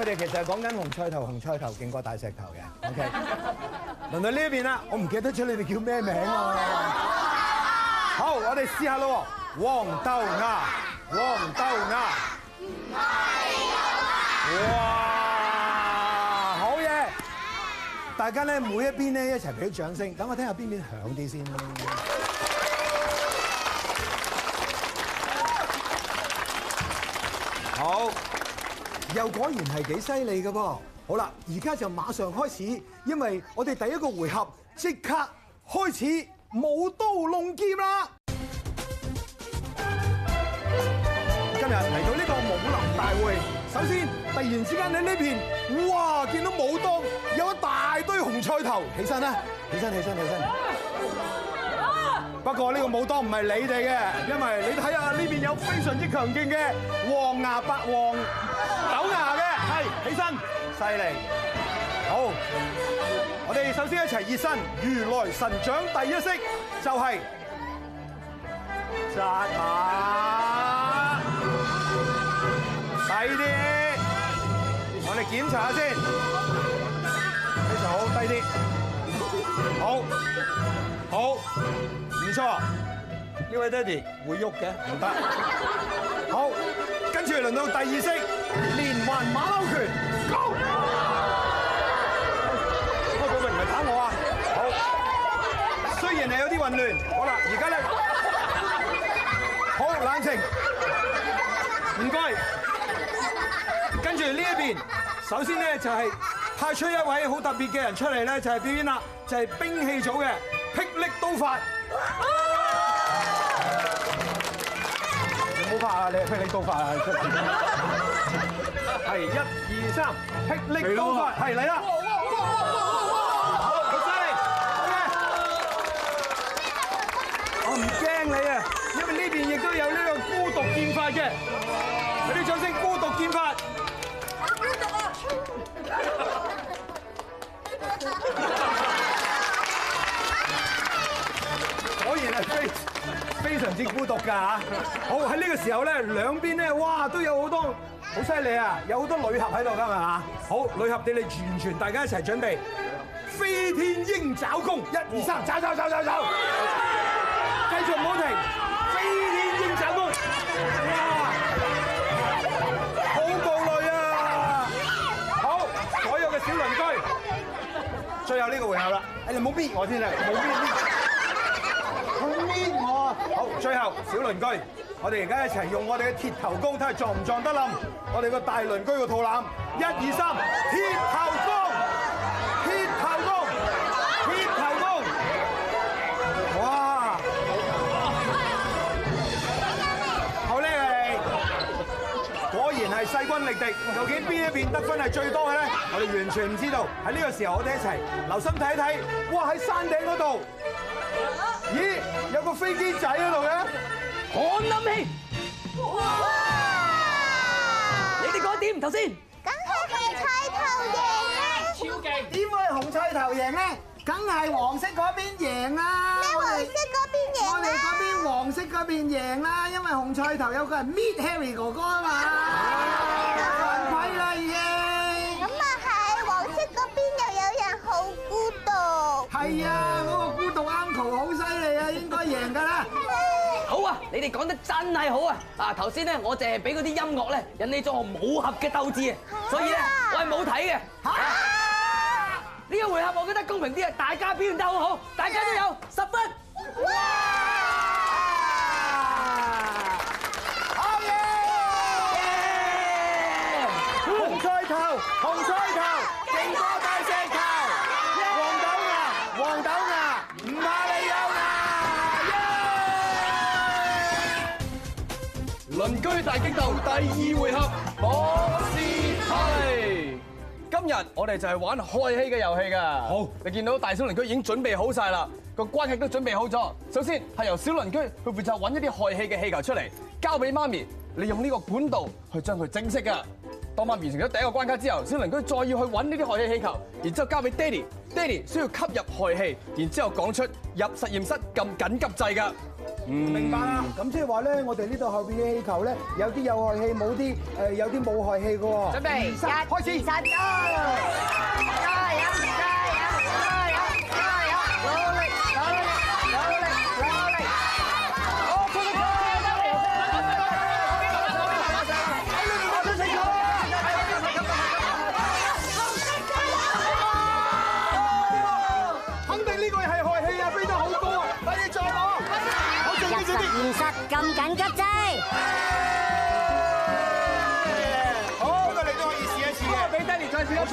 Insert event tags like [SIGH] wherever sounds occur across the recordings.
佢哋其實係講緊紅菜頭，紅菜頭勁過大石頭嘅。OK，輪到呢一邊啦，我唔記得咗你哋叫咩名喎。好，我哋試下咯喎。黃豆芽，黃豆芽。哇，好嘢！大家咧，每一邊咧一齊俾啲掌聲，等我聽下邊邊響啲先啦。好。又果然係幾犀利㗎噃！好啦，而家就馬上開始，因為我哋第一個回合即刻開始舞刀弄劍啦！今日嚟到呢個武林大會，首先突然之間喺呢邊，哇！見到武當有一大堆紅菜頭，起身啦！起身，起身，起身！起啊，不過呢個武當唔係你哋嘅，因為你睇下呢邊有非常之強勁嘅黃牙白王。牙嘅係起身，犀利，好。我哋首先一齊熱身，如來神掌第一式就係扎馬，低啲。我哋檢查下先，非常好，低啲，好，好，唔錯。呢位爹哋會喐嘅，唔得。好，跟住輪到第二式。連環馬騮拳，Go！、哎、不過嗰位唔係打我啊！好，雖然係有啲混亂，好啦，而家咧，好冷靜，唔該。跟住呢一邊，首先咧就係派出一位好特別嘅人出嚟咧，就係表演啦，就係兵器組嘅霹靂刀法。Oh! 你唔好怕啊，你霹靂刀法。係一二三，霹靂刀法係嚟啦！好犀利！我唔驚你啊，因為呢邊亦都有呢個孤獨劍法嘅。快啲唱聲孤獨劍法！孤獨啊！ [MUSIC] 非常之孤獨㗎嚇！好喺呢個時候咧，兩邊咧，哇都有好多好犀利啊！有好多女俠喺度㗎嘛嚇！好女俠，你哋完全大家一齊準備飛天鷹爪功，一二三，走走走走走，繼續唔好停，飛天鷹爪功，好無奈啊！好，所有嘅小鄰居，最後呢個回合啦，你哋唔好搣我，我先啦，冇好最後，小鄰居，我哋而家一齊用我哋嘅鐵頭功睇下撞唔撞得冧？我哋個大鄰居個肚腩，一、二、三，鐵頭功，鐵頭功，鐵頭功，哇！好叻，係果然係勢均力敵。究竟邊一邊得分係最多嘅咧？我哋完全唔知道。喺呢個時候，我哋一齊留心睇一睇。哇！喺山頂嗰度，咦，有個飛機仔喺度。我諗起，你哋講點頭先？梗係紅菜頭贏啦，超勁！點會紅菜頭贏呢？梗係黃色嗰邊贏啦。咩黃色嗰邊贏？我哋嗰邊黃色嗰邊贏啦，因為紅菜頭有個人搣 Harry 哥哥啊嘛。好鬼嘞，咁咪喺黃色嗰邊又有人好孤獨。係啊，嗰個孤獨 uncle 好犀利啊，應該贏㗎喇！你哋講得真係好啊！啊，頭先咧，我淨係俾嗰啲音樂咧引起咗我武俠嘅鬥志啊，所以咧，我係，冇睇嘅，呢個回合我覺得公平啲啊，大家表現得好好，大家都有十分，紅彩頭，紅彩。我哋就係玩氦氣嘅遊戲噶。好，你見到大小鄰居已經準備好晒啦，個關卡都準備好咗。首先係由小鄰居去負責揾一啲氦氣嘅氣球出嚟，交俾媽咪，你用呢個管道去將佢蒸釋噶。當媽咪完成咗第一個關卡之後，小鄰居再要去揾呢啲氦氣氣球，然之後交俾 Daddy，Daddy 需要吸入氦氣，然之後講出入實驗室撳緊急掣噶。明白啦，咁、嗯、即係話咧，我哋呢度後邊嘅氣球咧，有啲有害氣，冇啲誒有啲冇害氣嘅喎。有有準備，一開始，差啲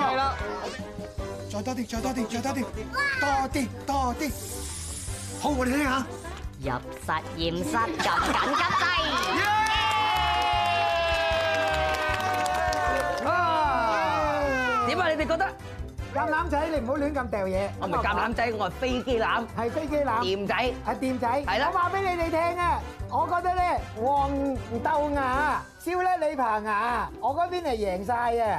係咯，再多啲，再多啲，再多啲，多啲，多啲，好，我哋聽下入實驗室就緊急掣。啊！點解？你哋覺得橄欖仔？你唔好亂咁掉嘢。我唔係橄欖仔，我係飛機欖，係飛機欖，掂仔，係掂仔。我話俾你哋聽咧，我覺得咧黃豆芽燒咧李棚牙，我嗰邊係贏晒嘅。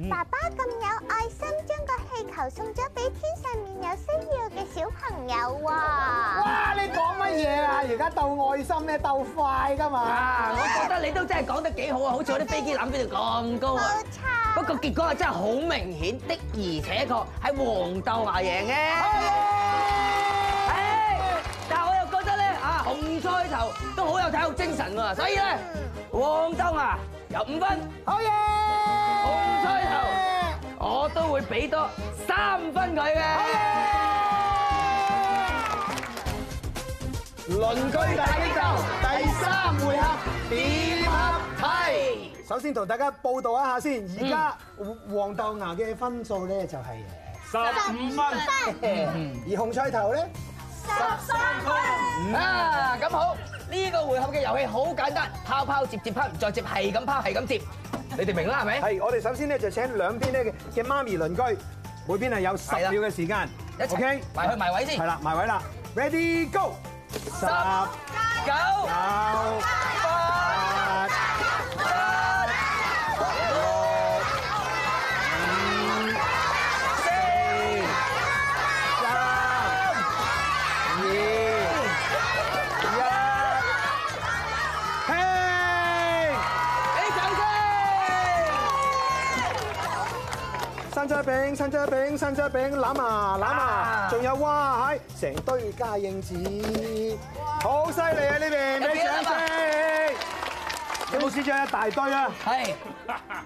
[MUSIC] 爸爸咁有愛心，將個氣球送咗俾天上面有需要嘅小朋友喎。哇！你講乜嘢啊？而家鬥愛心咩？鬥快噶嘛？我覺得你都真係講得幾好啊，好似我啲飛機諗邊度咁高啊。冇錯。不過結果係真係好明顯的，而且確喺黃豆芽贏嘅。係，但係我又覺得咧啊，紅菜頭都好有體育精神喎。所以咧，黃豆芽。有五分，可以。紅菜頭，我都會俾多三分佢嘅。好嘅。鄰居大激鬥第三回合點合睇？首先同大家報道一下先，而家黃豆芽嘅分數咧就係三十五分，而紅菜頭咧十三分。啊，咁好。呢個回合嘅遊戲好簡單，拋拋接接拋，再接係咁拋係咁接，你哋明啦，係咪？係，我哋首先咧就請兩邊呢嘅嘅媽咪鄰居，每邊係有十秒嘅時間，一齊，OK，埋去埋位先，係啦，埋位啦，Ready Go，十、九、生煎餅，生煎餅，攬啊攬啊，仲有哇，係成堆加應子，好犀利啊！呢邊，畀掌聲，有冇先將一大堆啊？係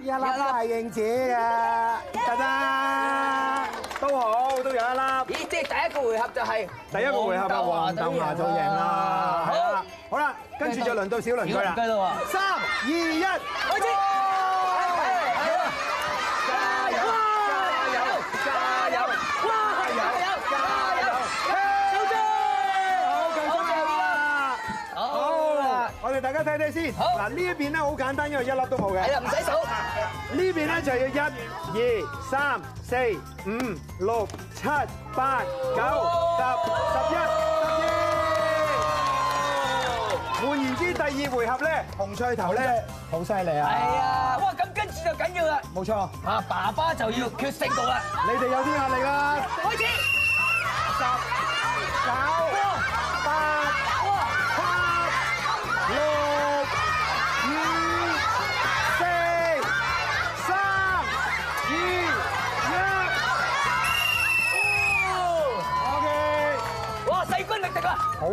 一粒大應子噶，得唔得？都好，都有一粒。咦，即係第一個回合就係第一個回合啊！黃錦華就贏啦，好啦，跟住就輪到小鄰居啦。三二一，開始。大家睇睇先，嗱呢一邊咧好簡單，因為一粒都冇嘅。係啊，唔使數。呢邊咧就要一、二、三、四、五、六、七、八、九、十、十一、十二。換言之，第二回合咧，紅菜頭咧，好犀利啊！係啊，哇！咁跟住就緊要啦，冇錯，啊爸爸就要決勝局啦！你哋有啲壓力啦，開始。十、九。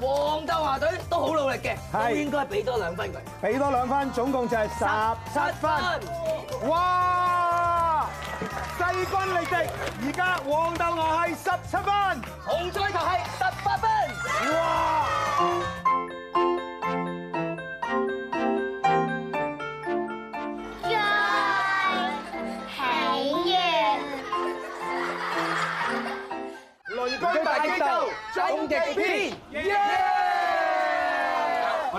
黃豆芽隊都好努力嘅，係是應該俾多兩分佢，俾多兩分，總共就係十七分。哇！勢均力敵，而家黃豆芽係十七分，好彩頭。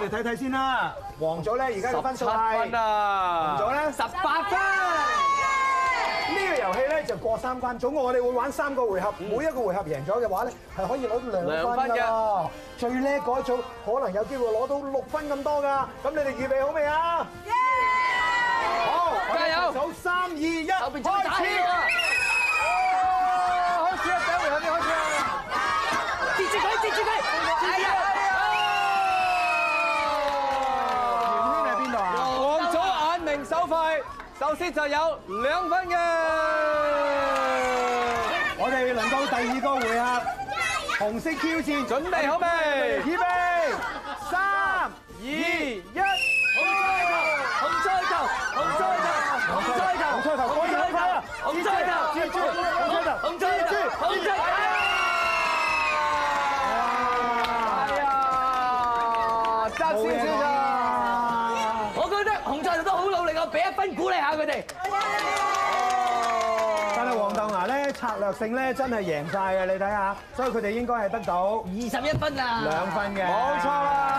睇睇先啦，黃組咧，而家嘅分數係十七分啊，紅組咧，十八分。呢個遊戲咧就過三關總共，我哋會玩三個回合，每一個回合贏咗嘅話咧係可以攞兩分噶。最叻嗰組可能有機會攞到六分咁多噶。咁你哋預備好未啊？好，加油！數三二一，開始。首先就有兩分嘅，我哋輪到第二個回合，紅色挑戰準備好未？準備，三二一，紅彩球，紅彩球，紅彩球，紅彩球，紅彩球，紅彩球，紅彩球。策略性咧，真係贏晒嘅，你睇下，所以佢哋應該係得到二十一分啊，兩分嘅，冇錯啦。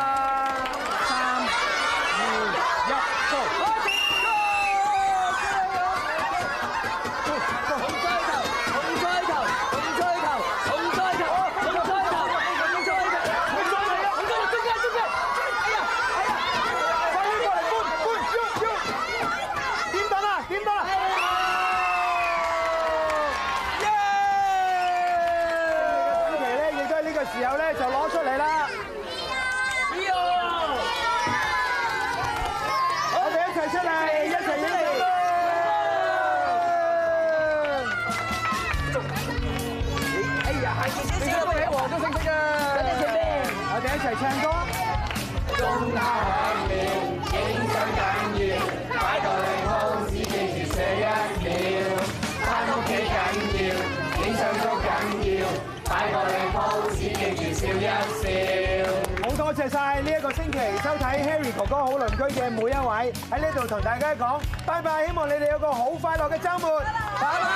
收睇 Harry 哥哥好鄰居嘅每一位喺呢度同大家講，拜拜！希望你哋有個好快樂嘅周末，拜拜！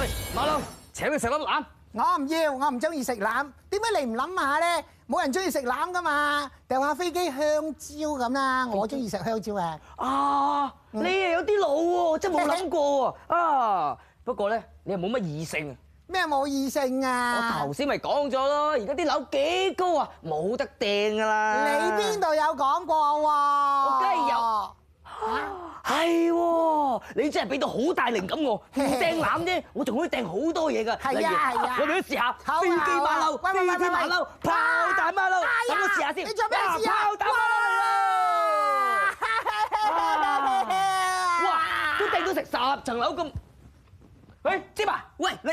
喂，馬騮，請你食粒欖，我唔要，我唔中意食欖。點解你唔諗下咧？冇人中意食欖噶嘛？掉下飛機香蕉咁啦，我中意食香蕉啊！啊，你又有啲腦喎，真係冇諗過啊！不過咧，你又冇乜異性。咩冇異性啊？我頭先咪講咗咯，而家啲樓幾高啊，冇得掟㗎啦！你邊度有講過喎？我記得喎，嚇係喎！你真係俾到好大靈感我，扶掟攬啫，我仲可以掟好多嘢㗎。係啊係啊！我哋都試下飛機馬騮，飛機馬騮，炮彈馬騮，等我試下先。你做咩試啊？哇！都掟到成十層樓咁。喂，知嘛？喂，你。